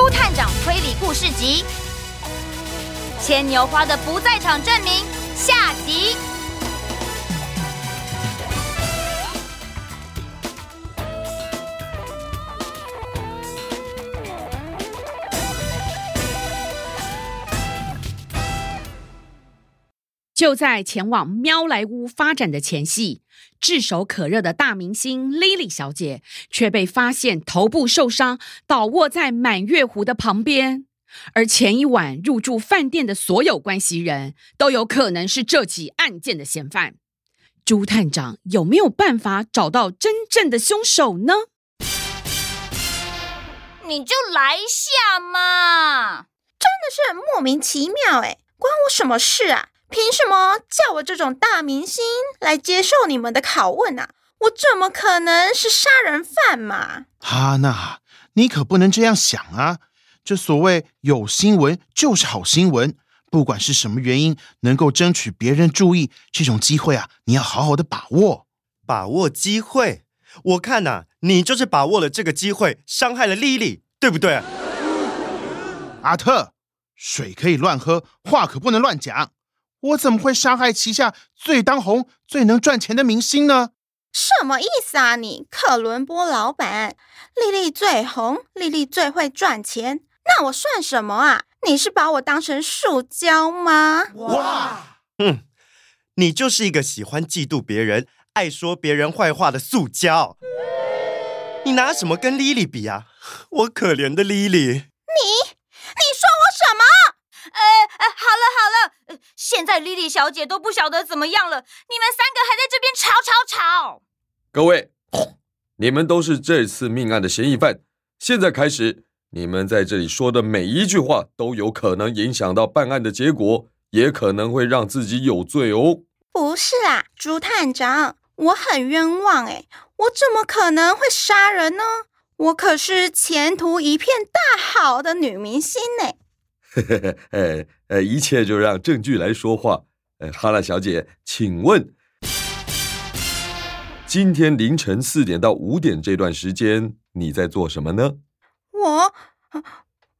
豬探長推理故事集，《牽牛花的不在場證明》下集。就在前往喵萊塢發展的前夕，炙手可熱的大明星 Lily 小姐卻被發現頭部受傷，倒臥在滿月湖的旁邊。而前一晚入住飯店的所有關係人都有可能是這起案件的嫌犯。豬探長有沒有辦法找到真正的兇手呢？你就來一下嘛！真的是莫名其妙誒，關我什麼事啊？憑什麼叫我這種大明星來接受你們的拷問啊？我怎麼可能是殺人犯嘛？哈娜，你可不能這樣想啊！這所謂有新聞就是好新聞，不管是什麼原因，能夠爭取別人注意，這種機會啊，你要好好的把握，把握機會。我看吶、啊，你就是把握了這個機會，傷害了莉莉，對不對啊？ 阿特，水可以亂喝，話可不能亂講。我怎麼會傷害旗下最當紅、最能賺錢的明星呢？什麼意思啊你，你克倫波老板？莉莉最紅，莉莉最會賺錢，那我算什麼啊？你是把我當成塑膠嗎？哇，哇嗯，你就是一個喜歡嫉妒別人、愛說別人壞話的塑膠。你拿什麼跟莉莉比啊？我可憐的莉莉。你，你說我什麼？呃，呃，好了。好了現在莉莉小姐都不曉得怎麼樣了，你們三個還在這邊吵吵吵！各位，你們都是這次命案的嫌疑犯，現在開始，你們在這裡說的每一句話都有可能影響到辦案的結果，也可能會讓自己有罪哦。不是啦、啊，豬探長，我很冤枉誒，我怎麼可能會殺人呢？我可是前途一片大好的女明星呢。嘿嘿嘿，呃呃，一切就讓證據來說話。呃，哈拉小姐，請問，今天凌晨四點到五點這段時間你在做什麼呢？我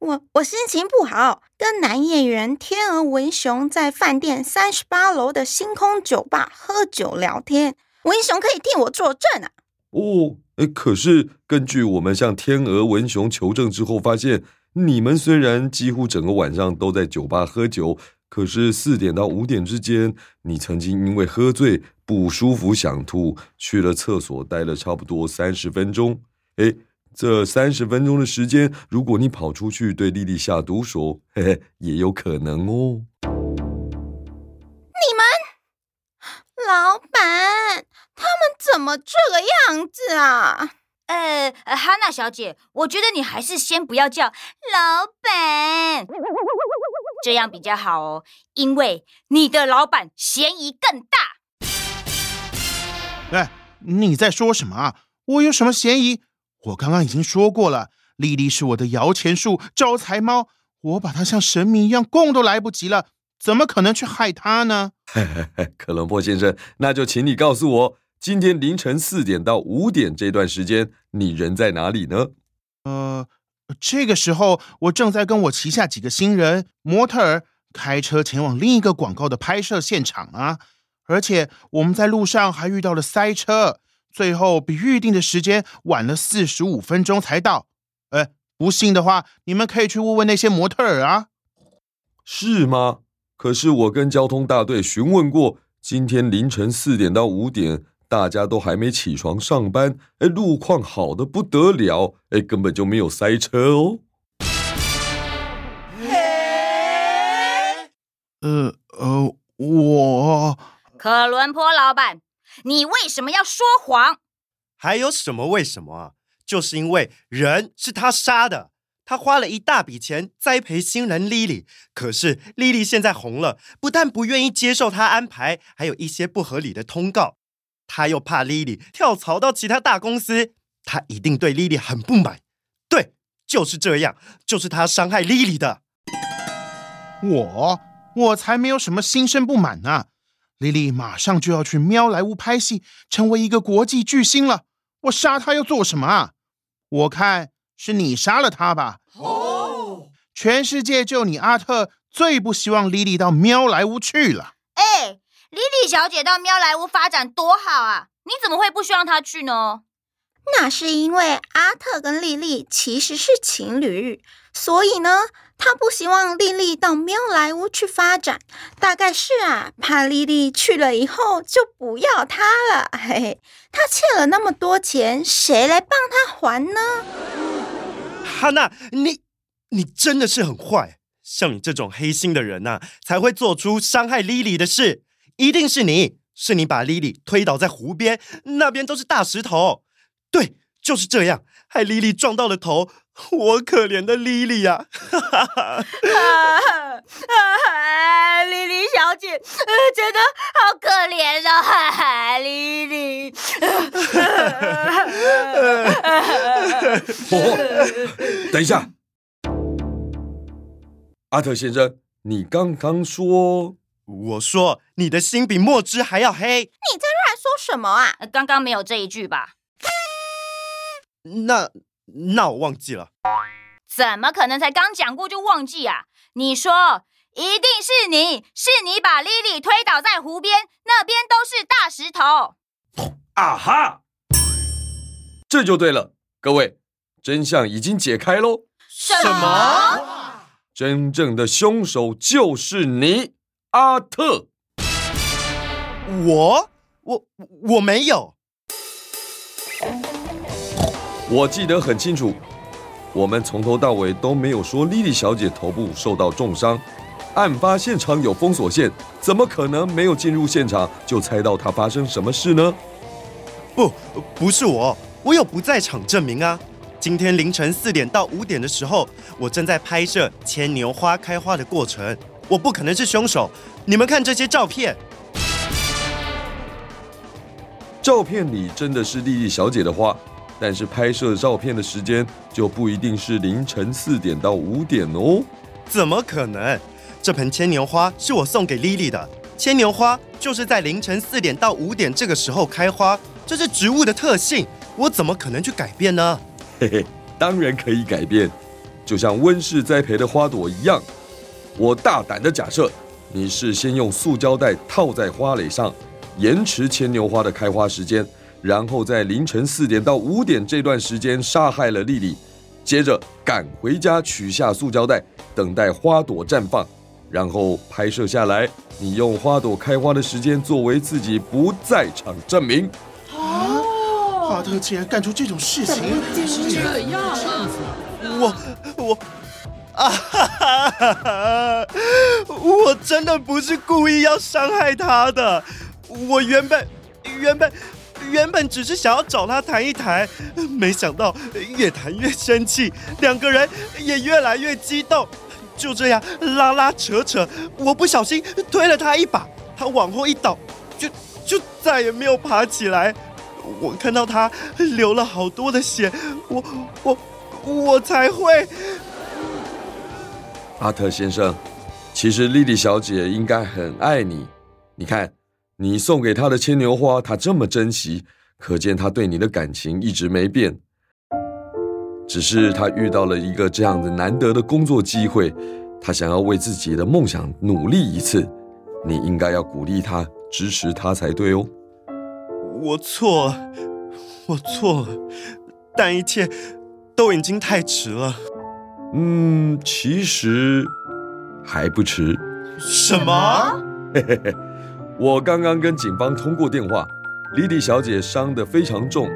我我心情不好，跟男演員天鵝文雄在飯店三十八樓的星空酒吧喝酒聊天。文雄可以替我作證啊。哦，呃，可是根據我們向天鵝文雄求證之後發現。你們雖然幾乎整個晚上都在酒吧喝酒，可是四點到五點之間，你曾經因為喝醉不舒服想吐，去了廁所待了差不多三十分鐘。哎，這三十分鐘的時間，如果你跑出去對莉莉下毒手，嘿嘿，也有可能哦。你們老板他們怎麼這個樣子啊？呃、哈娜小姐，我覺得你還是先不要叫老闆，這樣比較好哦，因為你的老闆嫌疑更大。哎，你在說什麼啊？我有什麼嫌疑？我剛剛已經說過了，莉莉是我的搖錢樹、招財貓，我把她像神明一樣供都來不及了，怎麼可能去害她呢？嘿嘿嘿，克倫坡先生，那就請你告訴我。今天凌晨四點到五點這段時間，你人在哪裡呢？呃，這個時候我正在跟我旗下幾個新人模特兒開車前往另一個廣告的拍攝現場啊，而且我們在路上還遇到了塞車，最後比預定的時間晚了四十五分鐘才到。哎、呃，不信的話，你們可以去問問那些模特兒啊。是嗎？可是我跟交通大隊詢問過，今天凌晨四點到五點。大家都還沒起床上班，哎，路況好的不得了，哎，根本就沒有塞車哦。Hey! 呃呃，我，科倫坡老板，你為什麼要說謊？還有什麼為什麼啊？就是因為人是他殺的，他花了一大筆錢栽培新人莉莉，可是莉莉現在紅了，不但不願意接受他安排，還有一些不合理的通告。他又怕莉莉跳槽到其他大公司，他一定對莉莉很不滿。對，就是這樣，就是他傷害莉莉的。我，我才沒有什麼心生不滿呢。莉莉馬上就要去喵萊塢拍戲，成為一個國際巨星了。我殺她要做什麼啊？我看是你殺了她吧。哦，全世界就你阿特最不希望莉莉到喵萊塢去了。哎。莉莉小姐到喵萊塢發展多好啊！你怎麼會不希望她去呢？那是因為阿特跟莉莉其實是情侶，所以呢，他不希望莉莉到喵萊塢去發展，大概是啊，怕莉莉去了以後就不要他了。嘿嘿，他欠了那麼多錢，誰來幫他還呢？哈娜，你你真的是很壞，像你這種黑心的人吶、啊，才會做出傷害莉莉的事。一定是你，是你把莉莉推倒在湖邊，那邊都是大石頭。對，就是這樣，害莉莉撞到了頭。我可憐的莉莉呀、啊！哈 哈、啊，哈、啊、哈，哈、啊、哈，莉莉小姐，啊、真的好可憐哈、哦啊啊、莉莉。哈哈，哈哈，哈哈，哦，等一下，阿特先生，你剛剛說。我說：“你的心比墨汁還要黑。”你在亂說什麼啊？剛剛沒有這一句吧？ 那那我忘記了。怎麼可能才剛講過就忘記啊？你說一定是你，是你把莉莉推倒在湖邊，那邊都是大石頭。啊哈，這就對了。各位，真相已經解開嘍。什麼？真正的兇手就是你。阿特，我我我沒有。我記得很清楚，我們從頭到尾都沒有說莉莉小姐頭部受到重傷，案發現場有封鎖線，怎麼可能沒有進入現場就猜到她發生什麼事呢？不，不是我，我有不在場證明啊。今天凌晨四點到五點的時候，我正在拍攝牽牛花開花的過程。我不可能是兇手，你們看這些照片，照片裡真的是莉莉小姐的花，但是拍攝照片的時間就不一定是凌晨四點到五點哦。怎麼可能？這盆牽牛花是我送給莉莉的，牽牛花就是在凌晨四點到五點這個時候開花，這是植物的特性，我怎麼可能去改變呢？嘿嘿，當然可以改變，就像溫室栽培的花朵一樣。我大膽的假設，你是先用塑膠袋套在花蕾上，延遲牽牛花的開花時間，然後在凌晨四點到五點這段時間殺害了莉莉。接着趕回家取下塑膠袋，等待花朵綻放，然後拍攝下來。你用花朵開花的時間作為自己不在場證明啊。啊！哈特竟然幹出這種事情！怎麼解釋呀？我我。啊哈哈哈哈，我真的不是故意要傷害他的，我原本、原本、原本只是想要找他談一談，沒想到越談越生氣，兩個人也越來越激動，就這樣拉拉扯扯，我不小心推了他一把，他往後一倒，就就再也沒有爬起來。我看到他流了好多的血，我我我才會。阿特先生，其實莉莉小姐應該很愛你。你看，你送給她的牽牛花，她這麼珍惜，可見她對你的感情一直沒變。只是她遇到了一個這樣的難得的工作機會，她想要為自己的夢想努力一次。你應該要鼓勵她，支持她才對哦。我錯了，我錯了，但一切都已經太遲了。嗯，其實還不遲。什麼？ 我剛剛跟警方通過電話，莉莉小姐傷得非常重，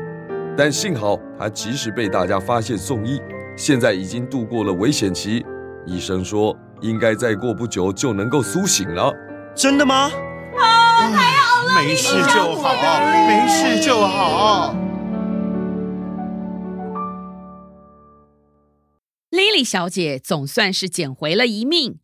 但幸好她及時被大家發現送醫，現在已經度過了危險期。醫生說應該再過不久就能夠甦醒了。真的嗎？啊，太好了！啊、沒事就好，沒事就好。莉小姐總算是撿回了一命，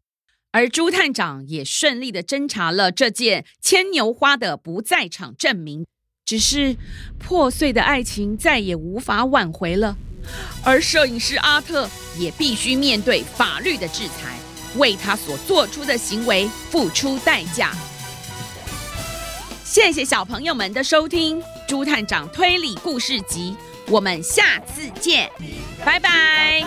而朱探長也順利的偵查了這件牽牛花的不在場證明。只是破碎的愛情再也無法挽回了，而攝影師阿特也必須面對法律的制裁，為他所做出的行為付出代價。謝謝小朋友們的收聽，《朱探長推理故事集》。我們下次見，拜拜。